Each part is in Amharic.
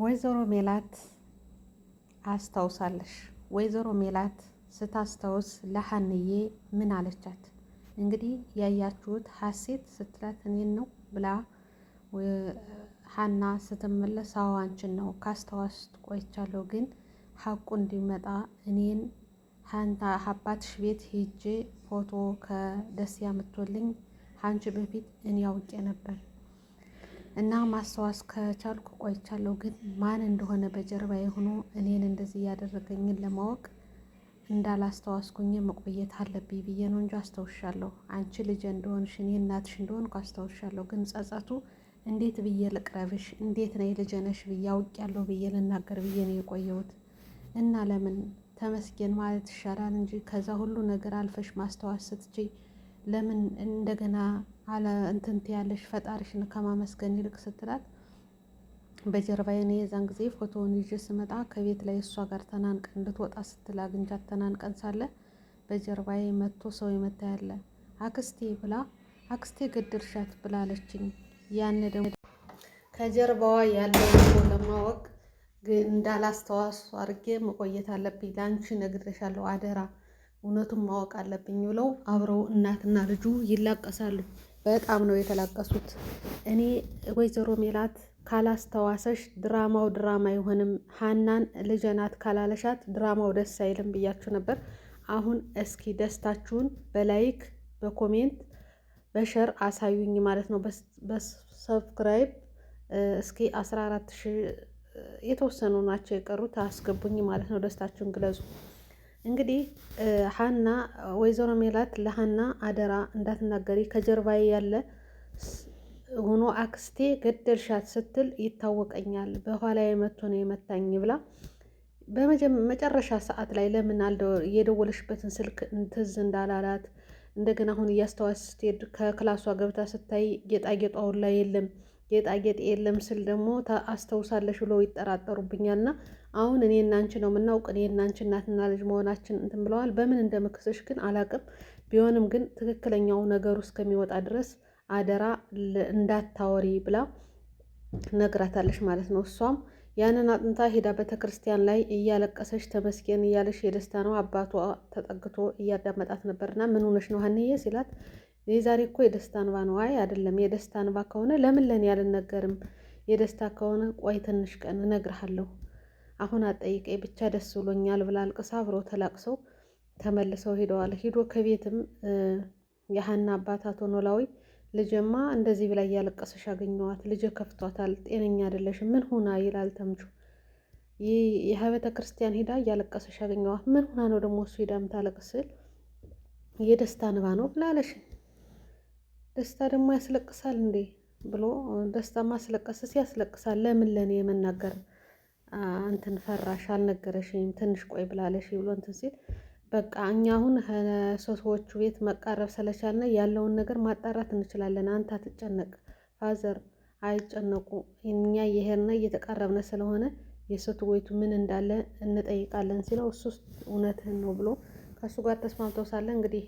ወይዘሮ ሜላት አስታውሳለሽ። ወይዘሮ ሜላት ስታስታውስ ለሀንዬ ምን አለቻት? እንግዲህ ያያችሁት ሀሴት ስትላት እኔን ነው ብላ ሀና ስትመለስ አዎ አንቺን ነው ካስታወስኩ ቆይቻለሁ፣ ግን ሀቁ እንዲመጣ እኔን አባትሽ ቤት ሄጄ ፎቶ ከደስ ያምቶልኝ አንቺ በፊት እኔ አውቄ ነበር እና ማስታወስ ከቻልኩ ቆይቻለሁ። ግን ማን እንደሆነ በጀርባ የሆኑ እኔን እንደዚህ እያደረገኝን ለማወቅ እንዳላስታወስኩኝ መቆየት አለብኝ ብዬ ነው እንጂ አስታውሻለሁ። አንቺ ልጅ እንደሆንሽ እኔ እናትሽ እንደሆንኩ አስታውሻለሁ። ግን ጸጸቱ እንዴት ብዬ ልቅረብሽ? እንዴት ነው ልጄ ነሽ ብዬ አውቄያለሁ ብዬ ልናገር ብዬ ነው የቆየሁት። እና ለምን ተመስገን ማለት ይሻላል እንጂ ከዛ ሁሉ ነገር አልፈሽ ማስታወስ ስትችይ ለምን እንደገና አለ እንትንት ያለሽ ፈጣሪሽን ከማመስገን ይልቅ ስትላት በጀርባ የኔ የዛን ጊዜ ፎቶውን ይዤ ስመጣ ከቤት ላይ እሷ ጋር ተናንቀን እንድትወጣ ስትል አግኝቻት ተናንቀን ሳለ በጀርባዬ መጥቶ ሰው የመታ ያለ አክስቴ ብላ አክስቴ ግድርሻት ብላለችኝ። ያን ደግሞ ከጀርባዋ ያለው ለማወቅ እንዳላስተዋሱ አድርጌ መቆየት አለብኝ። ለአንቺ ነግሬሻለሁ፣ አደራ እውነቱን ማወቅ አለብኝ ብለው አብረው እናትና ልጁ ይላቀሳሉ። በጣም ነው የተላቀሱት። እኔ ወይዘሮ ሜላት ካላስተዋሰሽ ድራማው ድራማ አይሆንም፣ ሀናን ልጀናት ካላለሻት ድራማው ደስ አይልም ብያችሁ ነበር። አሁን እስኪ ደስታችሁን በላይክ በኮሜንት በሸር አሳዩኝ ማለት ነው። በሰብስክራይብ እስኪ 14 ሺህ የተወሰኑ ናቸው የቀሩት አስገቡኝ ማለት ነው። ደስታችሁን ግለጹ። እንግዲህ ሀና ወይዘሮ ሜላት ለሀና አደራ እንዳትናገሪ ከጀርባ ያለ ሆኖ አክስቴ ገደልሻት ስትል ይታወቀኛል፣ በኋላ የመቶ ነው የመታኝ ብላ በመጨረሻ ሰዓት ላይ ለምን የደወለሽበትን ስልክ ትዝ እንዳላላት እንደገና አሁን እያስተዋች ስትሄድ ከክላሷ ገብታ ስታይ ጌጣጌጧ ሁላ የለም ጌጣጌጥ የለም ስል ደግሞ አስተውሳለሽ ብለው ይጠራጠሩብኛልና አሁን እኔ እናንቺ ነው የምናውቅ እኔ እናንቺ እናትና ልጅ መሆናችን እንትን ብለዋል። በምን እንደምክስሽ ግን አላቅም። ቢሆንም ግን ትክክለኛው ነገሩ እስከሚወጣ ድረስ አደራ እንዳታወሪ ብላ ነግራታለች ማለት ነው። እሷም ያንን አጥንታ ሄዳ ቤተክርስቲያን ላይ እያለቀሰች ተመስገን እያለች የደስታ ነው አባቷ ተጠግቶ እያዳመጣት ነበርና ምን ሆነሽ ነው ሀንዬ ሲላት የዛሬ እኮ የደስታ እንባ ነው። አይ አይደለም፣ የደስታ እንባ ከሆነ ለምን ለኔ አልነገርም? የደስታ ከሆነ ቆይ ትንሽ ቀን እነግርሃለሁ አሁን አጠይቀኝ ብቻ ደስ ብሎኛል ብላ አልቅሳ አብረው ተላቅሰው ተመልሰው ሄደዋል። ሂዶ ከቤትም የሀና አባት አቶ ኖላዊ ልጀማ እንደዚህ ብላ እያለቀሰሽ አገኘዋት፣ ልጅ ከፍቷታል፣ ጤነኛ አይደለሽም፣ ምን ሆና ይላል ተምቹ። ይህ የቤተ ክርስቲያን ሄዳ እያለቀሰሽ አገኘዋት፣ ምን ሆና ነው ደግሞ እሱ ሄዳ ምታለቅስ? የደስታ ንባ ነው ብላለሽ። ደስታ ደግሞ ያስለቅሳል እንዴ ብሎ ደስታ ማስለቀስስ ያስለቅሳል። ለምን ለእኔ የመናገር እንትን ፈራሽ አልነገረሽኝም ትንሽ ቆይ ብላለሽ ብሎ እንትን ሲል በቃ እኛ አሁን ሰዎቹ ቤት መቃረብ ስለቻልነ ያለውን ነገር ማጣራት እንችላለን። አንተ አትጨነቅ፣ ፋዘር አይጨነቁ። እኛ እየሄድን እየተቃረብነ ስለሆነ ቤቱ ምን እንዳለ እንጠይቃለን ሲለው እሱ እውነትህን ነው ብሎ ከእሱ ጋር ተስማምተው ሳለ እንግዲህ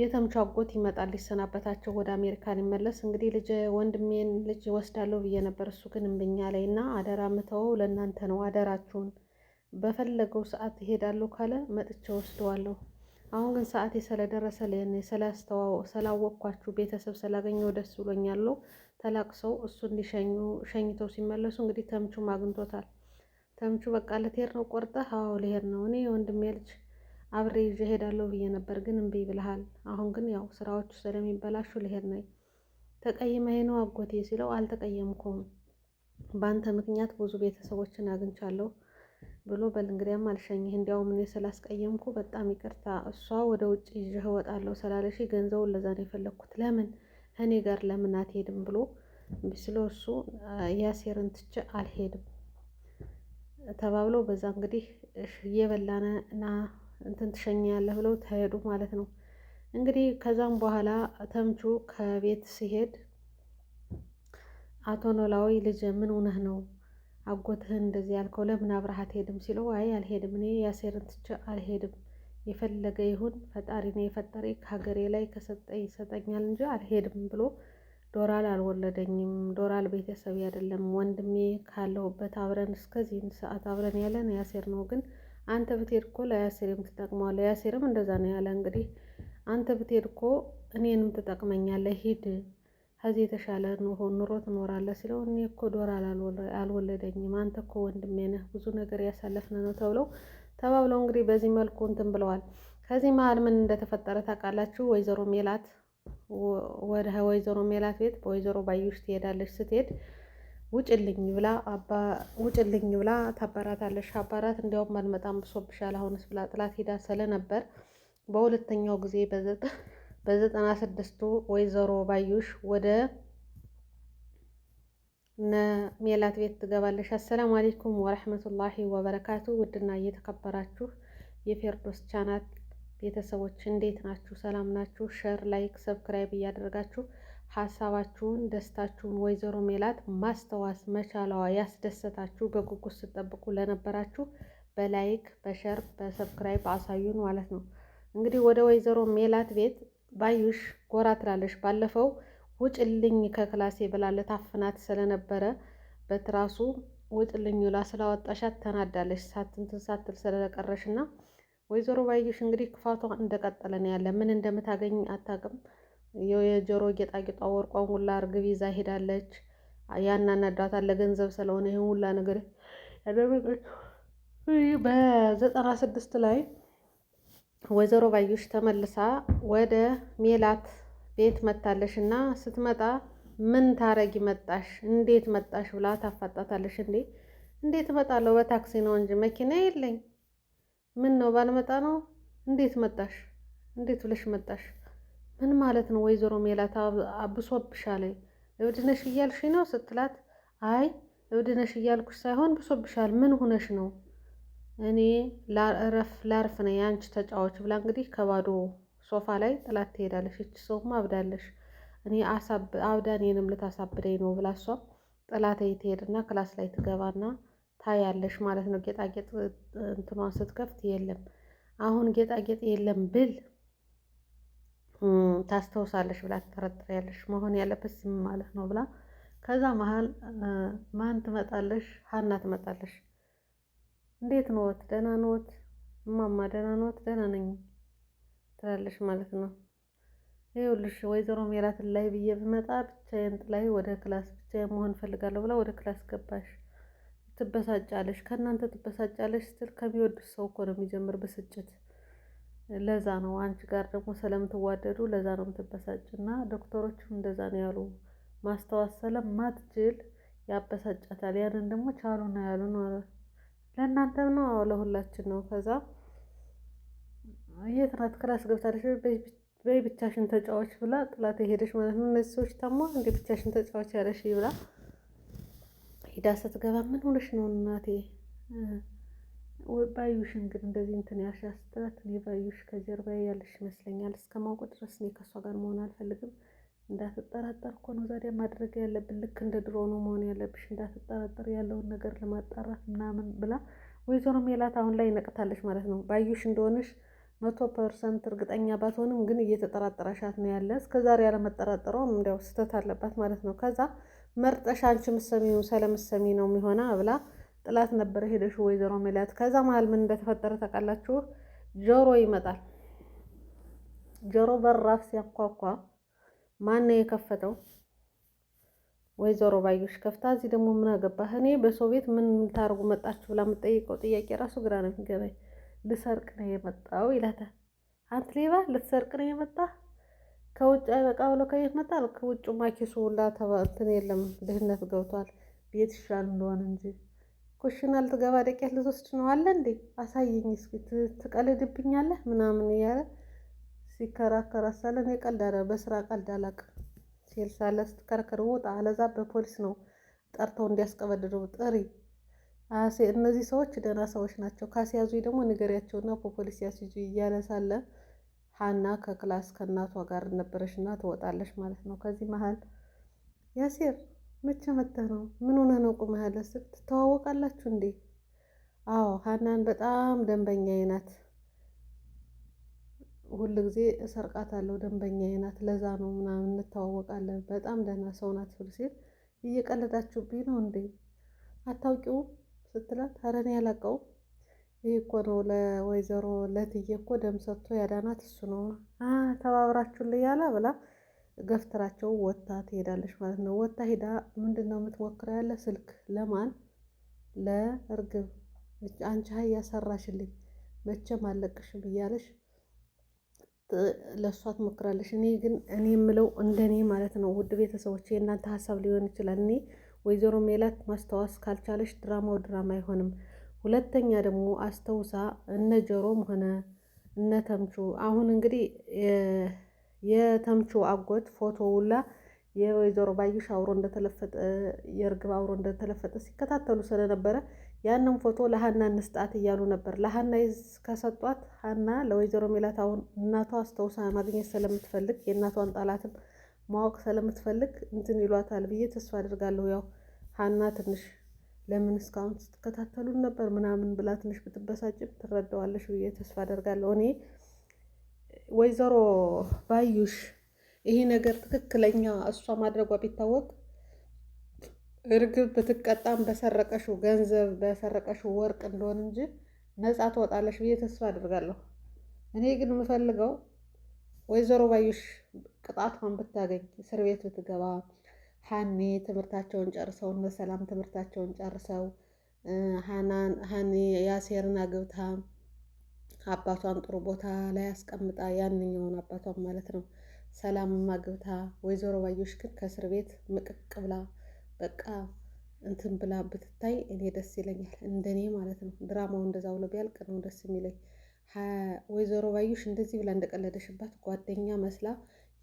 የተምቹ አጎት ይመጣል ሊሰናበታቸው ወደ አሜሪካ ሊመለስ እንግዲህ ልጅ ወንድሜን ልጅ ወስዳለሁ ብዬ ነበር። እሱ ግን እምብኛ ላይ እና አደራ ምተወው ለእናንተ ነው አደራችሁን። በፈለገው ሰዓት ይሄዳለሁ ካለ መጥቼ ወስደዋለሁ። አሁን ግን ሰዓቴ ስለደረሰ ለእኔ ስላወቅኳችሁ ቤተሰብ ስላገኘው ደስ ብሎኛለሁ። ተላቅሰው እሱ እንዲሸኙ ሸኝተው ሲመለሱ እንግዲህ ተምቹም አግኝቶታል። ተምቹ በቃ ልትሄድ ነው ቆርጠህ? አዎ ልሄድ ነው እኔ ወንድሜ ልጅ አብሬ ይዤ እሄዳለሁ ብዬ ነበር፣ ግን እምቢ ብለሃል። አሁን ግን ያው ስራዎቹ ስለሚበላሹ ልሄድ ነኝ። ተቀይመህ ነው አጎቴ ሲለው አልተቀየምኩም፣ በአንተ ምክንያት ብዙ ቤተሰቦችን አግኝቻለሁ ብሎ በል እንግዲያም አልሸኝህ። እንዲያውም እኔ ስላስቀየምኩ በጣም ይቅርታ። እሷ ወደ ውጭ ይዤህ እወጣለሁ ስላለሽ ገንዘቡን ለዛ ነው የፈለግኩት። ለምን እኔ ጋር ለምን አትሄድም ብሎ ስለ እሱ ያሴርን ትቼ አልሄድም ተባብለው በዛ እንግዲህ እየበላነ ና እንትን ትሸኛለህ ብለው ተሄዱ ማለት ነው። እንግዲህ ከዛም በኋላ ተምቹ ከቤት ሲሄድ አቶ ኖላዊ ልጅ ምን ሆነህ ነው አጎትህን እንደዚህ ያልከው ለምን አብረህ አትሄድም ሲለው አይ አልሄድም፣ እኔ ያሴርን ትቼ አልሄድም። የፈለገ ይሁን ፈጣሪ ነው ከሀገሬ ላይ ከሰጠ ይሰጠኛል እንጂ አልሄድም ብሎ ዶራል አልወለደኝም። ዶራል ቤተሰብ አይደለም ወንድሜ ካለሁበት አብረን እስከዚህ ሰዓት አብረን ያለን ያሴር ነው ግን አንተ ብትሄድ እኮ ለያሲርም ትጠቅመዋለህ። ለያሲርም እንደዛ ነው ያለ። እንግዲህ አንተ ብትሄድ እኮ እኔንም ትጠቅመኛለህ፣ ሂድ ከዚህ የተሻለ ኑሮ ኑሮ ትኖራለህ ሲለው እኔ እኮ ዶር አልወለደኝም፣ አንተ እኮ ወንድሜ ነህ፣ ብዙ ነገር ያሳለፍን ነው ተብለው ተባብለው እንግዲህ በዚህ መልኩ እንትን ብለዋል። ከዚህ መሀል ምን እንደተፈጠረ ታውቃላችሁ? ወይዘሮ ሜላት ወደ ወይዘሮ ሜላት ቤት በወይዘሮ ባዩሽ ትሄዳለች። ስትሄድ ውጭልኝ ብላ አባ ውጭልኝ ብላ ታባራታለሽ። አባራት እንዲያውም አልመጣም ብሶብሻል አሁንስ ብላ ጥላት ሄዳ ስለነበር በሁለተኛው ጊዜ በዘጠና ስድስቱ ወይዘሮ ባዩሽ ወደ ሜላት ቤት ትገባለሽ። አሰላሙ አሌይኩም ወረህመቱላሂ ወበረካቱ። ውድና እየተከበራችሁ የፌርዶስ ቻናት ቤተሰቦች እንዴት ናችሁ? ሰላም ናችሁ? ሸር ላይክ፣ ሰብስክራይብ እያደረጋችሁ ሀሳባችሁን ደስታችሁን ወይዘሮ ሜላት ማስተዋስ መቻለዋ ያስደሰታችሁ በጉጉት ስጠብቁ ለነበራችሁ በላይክ በሸር በሰብስክራይብ አሳዩን ማለት ነው። እንግዲህ ወደ ወይዘሮ ሜላት ቤት ባዩሽ ጎራ ትላለች። ባለፈው ውጭልኝ ከክላሴ ብላለት አፍናት ስለነበረ በትራሱ ውጭልኝ ላ ስላወጣሻት ተናዳለች። ሳትንትን ሳትል ስለቀረሽ እና ወይዘሮ ባዩሽ እንግዲህ ክፋቷ እንደቀጠለ ነው ያለ። ምን እንደምታገኝ አታውቅም። የጆሮ ጌጣጌጧ ወርቋን ሁላ እርግብ ይዛ ሄዳለች። ያናናዷታል ለገንዘብ ስለሆነ ይህን ሁላ ነገር ያደረገችው። በዘጠና ስድስት ላይ ወይዘሮ ባዩሽ ተመልሳ ወደ ሜላት ቤት መታለሽ እና ስትመጣ ምን ታረጊ መጣሽ? እንዴት መጣሽ? ብላ ታፋጣታለሽ። እንዴ እንዴት እመጣለሁ? በታክሲ ነው እንጂ መኪና የለኝ። ምን ነው ባልመጣ ነው? እንዴት መጣሽ? እንዴት ብለሽ መጣሽ? ምን ማለት ነው ወይዘሮ ሜላት አብሶብሻል እብድነሽ እያልሽ ነው ስትላት አይ እብድነሽ እያልኩሽ ሳይሆን ብሶብሻል ምን ሁነሽ ነው እኔ ላረፍ ላርፍ ነው የአንቺ ተጫዋች ብላ እንግዲህ ከባዶ ሶፋ ላይ ጥላት ትሄዳለሽ እች ሰውም አብዳለሽ እኔ አብዳኔንም ልታሳብደኝ ነው ብላ እሷ ጥላት ትሄድና ክላስ ላይ ትገባና ታያለሽ ማለት ነው ጌጣጌጥ እንትኗን ስትከፍት የለም አሁን ጌጣጌጥ የለም ብል ታስታውሳለሽ ብላ ትጠረጥሪያለሽ መሆን ያለበት ስም ማለት ነው ብላ ከዛ መሀል ማን ትመጣለሽ? ሀና ትመጣለሽ። እንዴት ነዎት? ደህና ነዎት? እማማ ደህና ነዎት? ደህና ነኝ ትላለሽ ማለት ነው። ይኸውልሽ ወይዘሮ ሜላትን ላይ ብዬ ብመጣ ብቻዬን ጥላይ ወደ ክላስ ብቻዬን መሆን እፈልጋለሁ ብላ ወደ ክላስ ገባሽ። ትበሳጫለሽ፣ ከእናንተ ትበሳጫለሽ ስትል ከሚወዱት ሰው እኮ ነው የሚጀምር ብስጭት ለዛ ነው አንቺ ጋር ደግሞ ስለምትዋደዱ ለዛ ነው እና ዶክተሮችም እንደዛ ነው ያሉ። ማስታወስ ስለማትችል ያበሳጫታል። ያንን ደግሞ ቻሉ ነው ያሉ ነው። ነው ለሁላችን ነው። ከዛ የት ናት ክላስ ገብታለች በይ ብቻሽን ተጫዋች ብላ ጥላት ሄደች ማለት ነው። እነዚህ ሰዎች ታማ እንደ ብቻሽን ተጫዋች ያለሽ ብላ ሂዳ ስትገባ ምን ሆነሽ ነው እናቴ ባዩሽ እንግዲህ እንደዚህ እንትን ያሻስትላት። እኔ ባዩሽ ከጀርባ ያለሽ ይመስለኛል እስከ እስከማውቅ ድረስ እኔ ከእሷ ጋር መሆን አልፈልግም። እንዳትጠራጠር እኮ ነው ዛሬ ማድረግ ያለብን። ልክ እንደ ድሮ ነው መሆን ያለብሽ፣ እንዳትጠራጠር ያለውን ነገር ለማጣራት ምናምን ብላ ወይዘሮ ሜላት አሁን ላይ ነቅታለች ማለት ነው። ባዩሽ እንደሆነሽ መቶ ፐርሰንት እርግጠኛ ባትሆንም ግን እየተጠራጠረሻት ነው ያለ። እስከ ዛሬ ያለመጠራጠረውም እንዲያው ስህተት አለባት ማለት ነው። ከዛ መርጠሽ አንቺ ምሰሚ ስለምሰሚ ነው የሚሆና ብላ ጥላት ነበር ሄደሽ ወይዘሮ ሜላት። ከዛ መሀል ምን እንደተፈጠረ ታውቃላችሁ? ጆሮ ይመጣል። ጆሮ በራፍ ሲያኳኳ ነው የከፈተው? ወይዘሮ ባዩሽ ከፍታ፣ እዚህ ደግሞ ምን አገባህ? እኔ በሰው ቤት ምን ታደርጉ መጣችሁ ብላ የምጠይቀው ጥያቄ ራሱ ግራ ነው የሚገባኝ። ልሰርቅ ነው የመጣው ይላታል። አንተ ሌባ ልትሰርቅ ነው የመጣ ከውጭ አይበቃ ብሎ ከቤት መጣል። ከውጭ ማኪሱ ሁላ እንትን የለም ድህነት ገብቷል። ቤት ይሻል እንደሆነ እንጂ ኩሽና ልትገባ ደቂያ ልትወስድ ነው አለ እንዴ አሳየኝ እስኪ ትቀልድብኛለህ ምናምን እያለ ሲከራከራ ሳለ እኔ ቀልድ አለ በስራ ቀልድ አላውቅም ሲል ሳለ ስትከራከር ውጣ አለዛ በፖሊስ ነው ጠርተው እንዲያስቀበድደው ጥሪ እነዚህ ሰዎች ደህና ሰዎች ናቸው ካስያዙ ደግሞ ንገሪያቸውና በፖሊስ ያስይዙ እያለ ሳለ ሀና ከክላስ ከእናቷ ጋር ነበረች እና ትወጣለች ማለት ነው ከዚህ መሀል ያሴር መቼ መጥተህ ነው? ምን ሆነ ነው ቁመህ ስል ትተዋወቃላችሁ እንዴ? አዎ ሀናን በጣም ደንበኛዬ ናት። ሁል ጊዜ እሰርቃታለሁ። ደንበኛዬ ናት፣ ለዛ ነው ምናምን እንተዋወቃለን። በጣም ደህና ሰው ናት ስል ሲል እየቀለዳችሁብኝ ነው እንዴ? አታውቂውም ስትላት ኧረ እኔ አላውቀውም። ይህ እኮ ነው ለወይዘሮ ለትዬ እኮ ደም ሰጥቶ ያዳናት እሱ ነው። ተባብራችሁልኝ ያላ ብላ ገፍትራቸው ወታ ትሄዳለች ማለት ነው። ወታ ሄዳ ምንድን ነው የምትሞክረው? ያለ ስልክ ለማን ለእርግብ አንቺ ሀያ ሰራሽልኝ መቼም አለቅሽም እያለሽ ለእሷ ትሞክራለሽ። እኔ ግን እኔ የምለው እንደኔ ማለት ነው ውድ ቤተሰቦች፣ የእናንተ ሀሳብ ሊሆን ይችላል። እኔ ወይዘሮ ሜላት ማስታወስ ካልቻለች ድራማው ድራማ አይሆንም። ሁለተኛ ደግሞ አስተውሳ እነ ጆሮም ሆነ እነ ተምቹ አሁን እንግዲህ የተምቹ አጎት ፎቶ ውላ የወይዘሮ ባይሽ አውሮ እንደተለፈጠ የእርግብ አውሮ እንደተለፈጠ ሲከታተሉ ስለነበረ ያንን ፎቶ ለሀና እንስጣት እያሉ ነበር። ለሀና ከሰጧት ሀና ለወይዘሮ ሜላት አሁን እናቷ አስተውሳ ማግኘት ስለምትፈልግ የእናቷን ጠላትም ማወቅ ስለምትፈልግ እንትን ይሏታል ብዬ ተስፋ አድርጋለሁ። ያው ሀና ትንሽ ለምን እስካሁን ስትከታተሉን ነበር ምናምን ብላ ትንሽ ብትበሳጭም ትረዳዋለሽ ብዬ ተስፋ አደርጋለሁ እኔ ወይዘሮ ባዩሽ ይሄ ነገር ትክክለኛ እሷ ማድረጓ ቢታወቅ እርግብ ብትቀጣም በሰረቀሽው ገንዘብ በሰረቀሽው ወርቅ እንደሆን እንጂ ነፃ ትወጣለሽ ብዬ ተስፋ አድርጋለሁ። እኔ ግን የምፈልገው ወይዘሮ ባዩሽ ቅጣቷን ብታገኝ እስር ቤት ብትገባ፣ ሀኔ ትምህርታቸውን ጨርሰውን በሰላም ትምህርታቸውን ጨርሰው ሀኔ ያሴርን አግብታ አባቷን ጥሩ ቦታ ላይ አስቀምጣ ያንኛውን አባቷን ማለት ነው ሰላም ማግብታ ወይዘሮ ባዮሽ ግን ከእስር ቤት ምቅቅ ብላ በቃ እንትን ብላ ብትታይ እኔ ደስ ይለኛል፣ እንደኔ ማለት ነው። ድራማው እንደዛ ብሎ ቢያልቅ ነው ደስ የሚለኝ። ወይዘሮ ባዮሽ እንደዚህ ብላ እንደቀለደሽባት ጓደኛ መስላ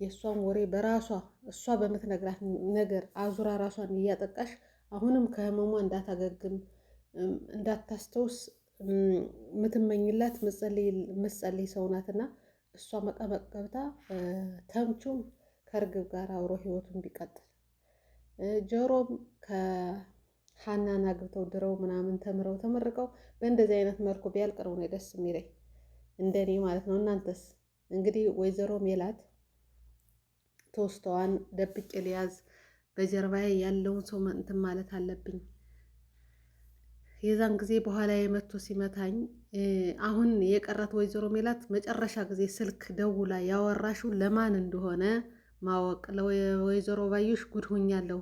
የእሷን ወሬ በራሷ እሷ በምትነግራት ነገር አዙራ ራሷን እያጠቃሽ አሁንም ከህመሟ እንዳታገግም እንዳታስተውስ የምትመኝላት ምጸልይ ሰው ናትና እሷ መቀመቅ ገብታ ተምቹም ከእርግብ ጋር አብሮ ህይወቱን ቢቀጥል ጆሮም ከሀናን አግብተው ድረው ምናምን ተምረው ተመርቀው በእንደዚህ አይነት መልኩ ቢያልቀረው ነው ደስ የሚለኝ እንደኔ ማለት ነው። እናንተስ እንግዲህ ወይዘሮ ሜላት ቶስተዋን ደብቄ ልያዝ፣ በጀርባዬ ያለውን ሰው እንትን ማለት አለብኝ የዛን ጊዜ በኋላ የመቶ ሲመታኝ አሁን የቀረት ወይዘሮ ሜላት መጨረሻ ጊዜ ስልክ ደውላ ያወራሹ ለማን እንደሆነ ማወቅ ለወይዘሮ ባዩሽ ጉድ ሁኛለሁ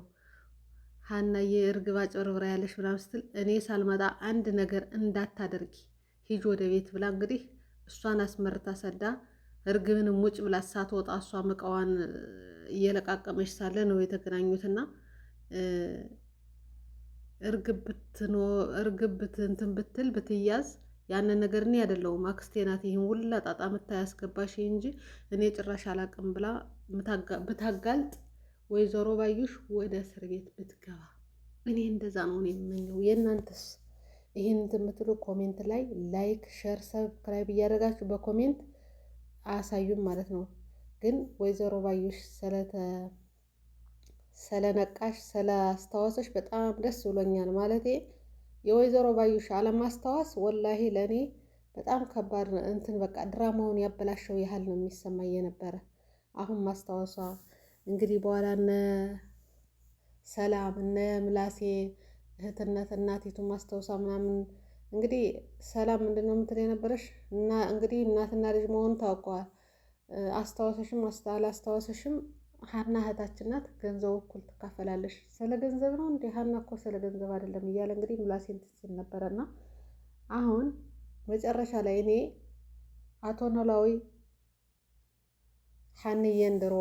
ሀናዬ እርግብ አጭበርብራ ያለሽ ምናምን ስትል እኔ ሳልመጣ አንድ ነገር እንዳታደርጊ ሂጅ ወደ ቤት ብላ እንግዲህ እሷን አስመርታ ሰዳ እርግብንም ሙጭ ብላ ሳትወጣ እሷ እቃዋን እየለቃቀመች ሳለ ነው የተገናኙትና እርግብ ብትል ብትያዝ ያንን ነገር እኔ አይደለሁም አክስቴ ናት ይህን ሁላ ጣጣ የምታያስገባሽ እንጂ እኔ ጭራሽ አላቅም ብላ ብታጋልጥ፣ ወይዘሮ ባዩሽ ወደ እስር ቤት ብትገባ። እኔ እንደዛ ነው እኔ የምመኘው። የእናንተስ? ይህን የምትሉ ኮሜንት ላይ ላይክ፣ ሸር፣ ሰብስክራይብ እያደረጋችሁ በኮሜንት አሳዩም ማለት ነው። ግን ወይዘሮ ባዩሽ ስለተ ስለነቃሽ ስለአስታወሰሽ በጣም ደስ ብሎኛል። ማለቴ የወይዘሮ ባዩሽ አለማስታወስ ወላሂ ለእኔ በጣም ከባድ እንትን በቃ ድራማውን ያበላሸው ያህል ነው የሚሰማኝ የነበረ። አሁን ማስታወሷ እንግዲህ በኋላ እነ ሰላም እነ ምላሴ እህትነት እናቴቱ ማስታወሷ ምናምን እንግዲህ ሰላም ምንድን ነው የምትል የነበረሽ እና እንግዲህ እናትና ልጅ መሆኑ ታውቀዋል። አስታወሰሽም አላስታወሰሽም ሀና እህታችን ናት፣ ገንዘቡ እኩል ትካፈላለች። ስለ ገንዘብ ነው እንዴ? ሀና እኮ ስለ ገንዘብ አይደለም እያለ እንግዲህ ምላሴን ትስል ነበረና አሁን መጨረሻ ላይ እኔ አቶ ኖላዊ ሀንዬን ድሮ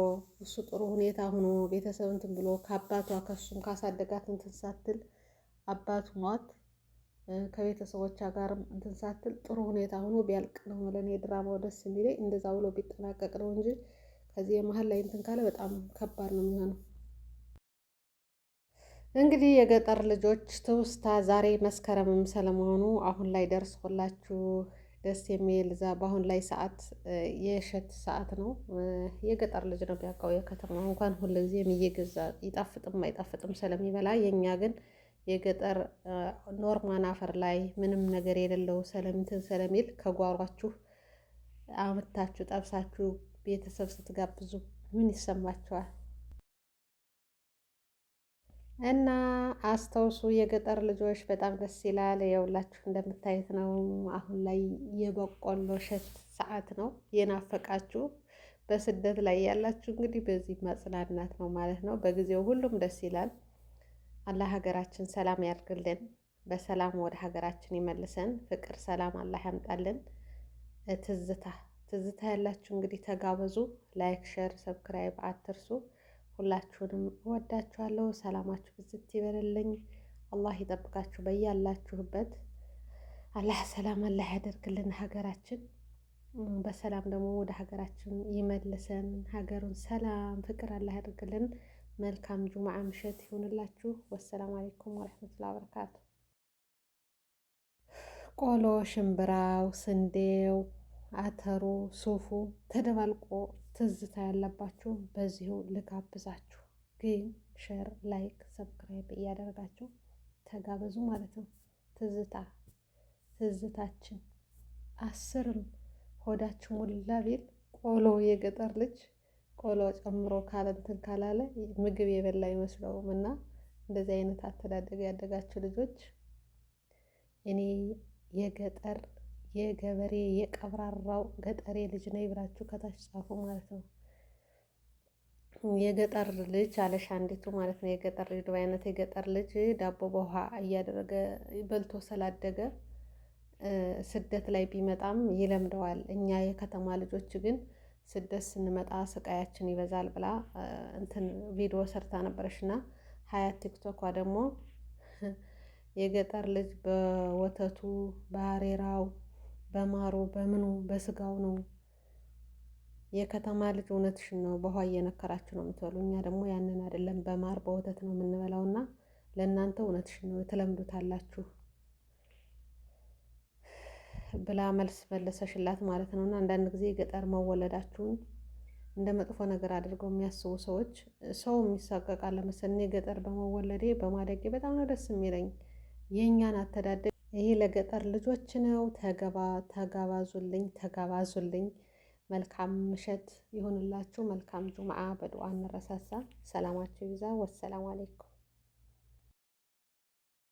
እሱ ጥሩ ሁኔታ ሆኖ ቤተሰብ እንትን ብሎ ከአባቷ ከሱም ካሳደጋት እንትን ሳትል አባቱ ሟት ከቤተሰቦቿ ጋርም እንትን ሳትል ጥሩ ሁኔታ ሆኖ ቢያልቅ ነው ለእኔ ድራማው ደስ የሚለኝ እንደዛ ብሎ ቢጠናቀቅ ነው እንጂ ከዚህ የመሀል ላይ እንትን ካለ በጣም ከባድ ነው የሚሆነው። እንግዲህ የገጠር ልጆች ትውስታ ዛሬ መስከረምም ስለመሆኑ አሁን ላይ ደርሶላችሁ ደስ የሚል ዛ በአሁን ላይ ሰዓት የእሸት ሰዓት ነው። የገጠር ልጅ ነው ቢያውቀው የከተማ እንኳን ሁልጊዜም እየገዛ ይጣፍጥም አይጣፍጥም ስለሚበላ፣ የእኛ ግን የገጠር ኖርማን አፈር ላይ ምንም ነገር የሌለው ስለምትን ስለሚል ከጓሯችሁ አምታችሁ ጠብሳችሁ ቤተሰብ ስትጋብዙ ምን ይሰማቸዋል? እና አስታውሱ የገጠር ልጆች በጣም ደስ ይላል። የውላችሁ እንደምታዩት ነው። አሁን ላይ የበቆሎ እሸት ሰዓት ነው። የናፈቃችሁ በስደት ላይ ያላችሁ እንግዲህ በዚህ መጽናናት ነው ማለት ነው። በጊዜው ሁሉም ደስ ይላል። አላህ ሀገራችን ሰላም ያድርግልን፣ በሰላም ወደ ሀገራችን ይመልሰን። ፍቅር፣ ሰላም አላህ ያምጣልን። ትዝታ ትዝታ ያላችሁ እንግዲህ ተጋበዙ። ላይክ፣ ሸር፣ ሰብስክራይብ አትርሱ። ሁላችሁንም እወዳችኋለሁ። ሰላማችሁ ብዝት ይበልልኝ። አላህ ይጠብቃችሁ በያላችሁበት። አላህ ሰላም አላህ ያደርግልን ሀገራችን በሰላም ደግሞ ወደ ሀገራችን ይመልሰን። ሀገሩን ሰላም ፍቅር አላህ ያደርግልን። መልካም ጁምዓ ምሽት ይሁንላችሁ። ወሰላም አሌይኩም ወረሕመቱላሂ ወበረካቱ። ቆሎ ሽምብራው፣ ስንዴው አተሩ ሱፉ ተደባልቆ ትዝታ ያለባችሁ በዚሁ ልጋብዛችሁ። ግን ሼር፣ ላይክ፣ ሰብስክራይብ እያደረጋችሁ ተጋበዙ ማለት ነው። ትዝታ ትዝታችን አስርም ሆዳችሁ ሙላ ቢል ቆሎ የገጠር ልጅ ቆሎ ጨምሮ ካለንትን ካላለ ምግብ የበላ አይመስለውም። እና እንደዚህ አይነት አተዳደግ ያደጋችሁ ልጆች እኔ የገጠር የገበሬ የቀብራራው ገጠሬ ልጅ ነኝ ብላችሁ ከታች ጻፉ ማለት ነው። የገጠር ልጅ አለሽ አንዲቱ ማለት ነው። የገጠር ልጅ ዱባይ የገጠር ልጅ ዳቦ በውሃ እያደረገ በልቶ ስላደገ ስደት ላይ ቢመጣም ይለምደዋል። እኛ የከተማ ልጆች ግን ስደት ስንመጣ ስቃያችን ይበዛል ብላ እንትን ቪዲዮ ሰርታ ነበረሽ እና ሀያት ቲክቶኳ ደግሞ የገጠር ልጅ በወተቱ ባሬራው በማሩ በምኑ በስጋው ነው። የከተማ ልጅ እውነትሽን ነው፣ በውሃ እየነከራችሁ ነው የምትበሉ። እኛ ደግሞ ያንን አይደለም በማር በወተት ነው የምንበላው እና ለእናንተ እውነትሽን ነው ትለምዱታላችሁ ብላ መልስ መለሰሽላት ማለት ነው። እና አንዳንድ ጊዜ ገጠር መወለዳችሁን እንደ መጥፎ ነገር አድርገው የሚያስቡ ሰዎች ሰው የሚሳቀቃ ለመሰል እኔ ገጠር በመወለዴ በማደጌ በጣም ነው ደስ የሚለኝ የእኛን አተዳደግ ይህ ለገጠር ልጆች ነው። ተገባ ተጋባዙልኝ ተጋባዙልኝ። መልካም ምሽት ይሁንላችሁ። መልካም ጁምዓ። በዱዓ እንረሳሳ። ሰላማችሁ ይብዛ። ወሰላሙ አሌይኩም